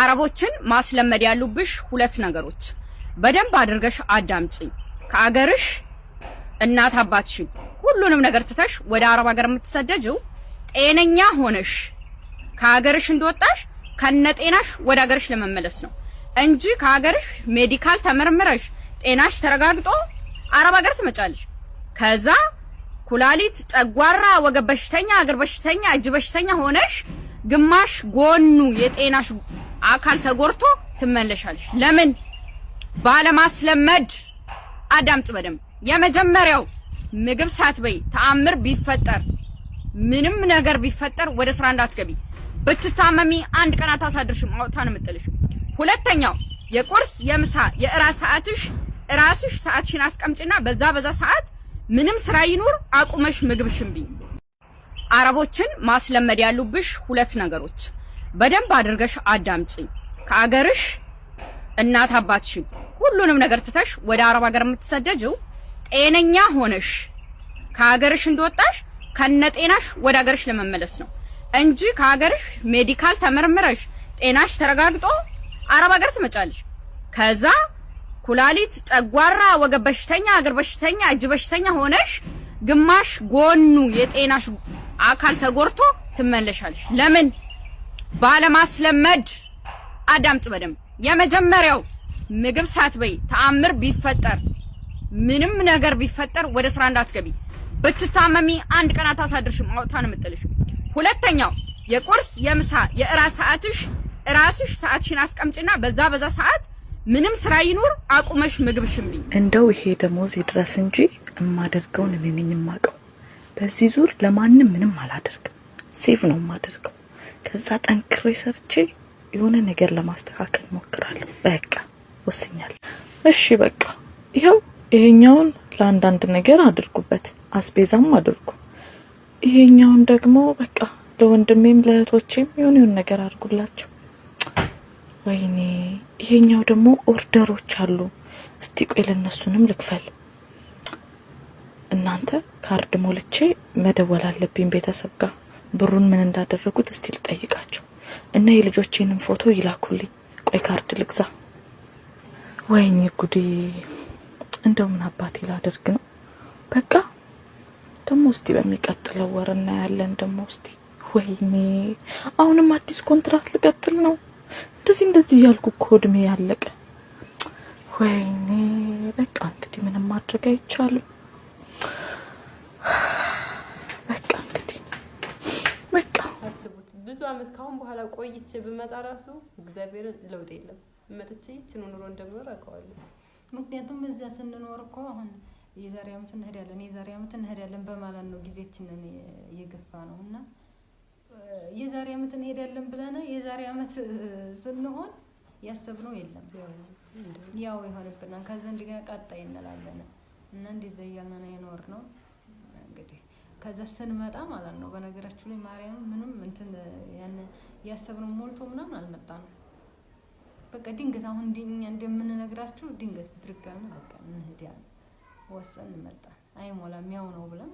አረቦችን ማስለመድ ያሉብሽ ሁለት ነገሮች በደንብ አድርገሽ አዳምጪኝ። ከአገርሽ እናት አባትሽ ሁሉንም ነገር ትተሽ ወደ አረብ ሀገር የምትሰደጅው ጤነኛ ሆነሽ ከሀገርሽ እንደወጣሽ ከነጤናሽ ወደ ሀገርሽ ለመመለስ ነው እንጂ ከሀገርሽ ሜዲካል ተመርምረሽ ጤናሽ ተረጋግጦ አረብ ሀገር ትመጫለሽ። ከዛ ኩላሊት፣ ጨጓራ፣ ወገብ በሽተኛ፣ እግር በሽተኛ፣ እጅ በሽተኛ ሆነሽ ግማሽ ጎኑ የጤናሽ አካል ተጎርቶ ትመለሻለሽ። ለምን ባለማስለመድ። አዳምጥ በደንብ። የመጀመሪያው ምግብ ሳትበይ ተአምር ቢፈጠር ምንም ነገር ቢፈጠር ወደ ስራ እንዳትገቢ። ብትታመሚ አንድ ቀን አታሳድርሽም፣ አውጥታ ነው የምጥልሽ። ሁለተኛው የቁርስ የምሳ የእራት ሰዓትሽ እራስሽ ሰዓትሽን አስቀምጭና በዛ በዛ ሰዓት ምንም ስራ ይኑር አቁመሽ ምግብሽን ቢ አረቦችን ማስለመድ ያሉብሽ ሁለት ነገሮች በደንብ አድርገሽ አዳምጪኝ። ከአገርሽ እናት አባትሽን ሁሉንም ነገር ትተሽ ወደ አረብ ሀገር የምትሰደጅው ጤነኛ ሆነሽ ከሀገርሽ እንደወጣሽ ከነጤናሽ ወደ ሀገርሽ ለመመለስ ነው እንጂ ከአገርሽ ሜዲካል ተመርምረሽ ጤናሽ ተረጋግጦ አረብ ሀገር ትመጫለሽ። ከዛ ኩላሊት፣ ጨጓራ፣ ወገብ በሽተኛ፣ እግር በሽተኛ፣ እጅ በሽተኛ ሆነሽ ግማሽ ጎኑ የጤናሽ አካል ተጎርቶ ትመለሻለሽ። ለምን? ባለማስለመድ አዳምጥ በደንብ። የመጀመሪያው ምግብ ሳትበይ ተአምር ቢፈጠር ምንም ነገር ቢፈጠር ወደ ስራ እንዳትገቢ። ብትታመሚ አንድ ቀን አታሳድርሽም፣ አውጥታ ነው የምጥልሽ። ሁለተኛው የቁርስ የምሳ የእራት ሰዓትሽ ራስሽ ሰዓትሽን አስቀምጭና በዛ በዛ ሰዓት ምንም ስራ ይኑር አቁመሽ ምግብ ሽሚ። እንደው ይሄ ደሞዝ ይድረስ እንጂ እማደርገውን እኔ ነኝ የማውቀው። በዚህ ዙር ለማንም ምንም አላደርግም። ሴቭ ነው የማደርገው። ከዛ ጠንክሬ ሰርቼ የሆነ ነገር ለማስተካከል ሞክራለሁ። በቃ ወስኛለሁ። እሺ በቃ ይኸው ይሄኛውን ለአንዳንድ ነገር አድርጉበት፣ አስቤዛም አድርጉ። ይሄኛውን ደግሞ በቃ ለወንድሜም ለእህቶቼም የሆነ የሆነ ነገር አድርጉላቸው። ወይኔ ይሄኛው ደግሞ ኦርደሮች አሉ። እስቲ ቆይ ለእነሱንም ልክፈል። እናንተ ካርድ ሞልቼ መደወል አለብኝ ቤተሰብ ጋር ብሩን ምን እንዳደረጉት እስቲ ልጠይቃቸው እና የልጆቼንም ፎቶ ይላኩልኝ። ቆይ ካርድ ልግዛ። ወይኝ ጉዴ! እንደው ምን አባቴ ላደርግ ነው? በቃ ደግሞ እስቲ በሚቀጥለው ወር እናያለን። ደግሞ እስቲ ወይኔ አሁንም አዲስ ኮንትራት ልቀጥል ነው። እንደዚህ እንደዚህ እያልኩ እኮ እድሜ ያለቀ። ወይኔ በቃ እንግዲህ ምንም ማድረግ አይቻልም። አመት ካሁን በኋላ ቆይቼ ብመጣ ራሱ እግዚአብሔርን ለውጥ የለም። መጥቼ ይችኑ ኑሮ እንደምኖር አውቀዋለሁ። ምክንያቱም እዚያ ስንኖር እኮ አሁን የዛሬ አመት እንሄዳለን የዛሬ አመት እንሄዳለን በማለት ነው ጊዜያችንን እየገፋ ነው እና የዛሬ አመት እንሄዳለን ብለን የዛሬ አመት ስንሆን ያሰብነው የለም ያው ይሆንብናል። ከዘንድ ጋር ቀጣይ እንላለን እና እንደዚያ እያልን ነው ነው እንግዲህ ከዛ ስንመጣ ማለት ነው። በነገራችሁ ላይ ማርያም ምንም እንትን ያን ያሰብነው ሞልቶ ምናምን ነው። በቃ ድንገት አሁን እኛ እንደምንነግራችሁ ድንገት ብትርጋና በቃ እንሂድ ያለ ወሰን መጣ። አይሞላም ያው ነው ብለን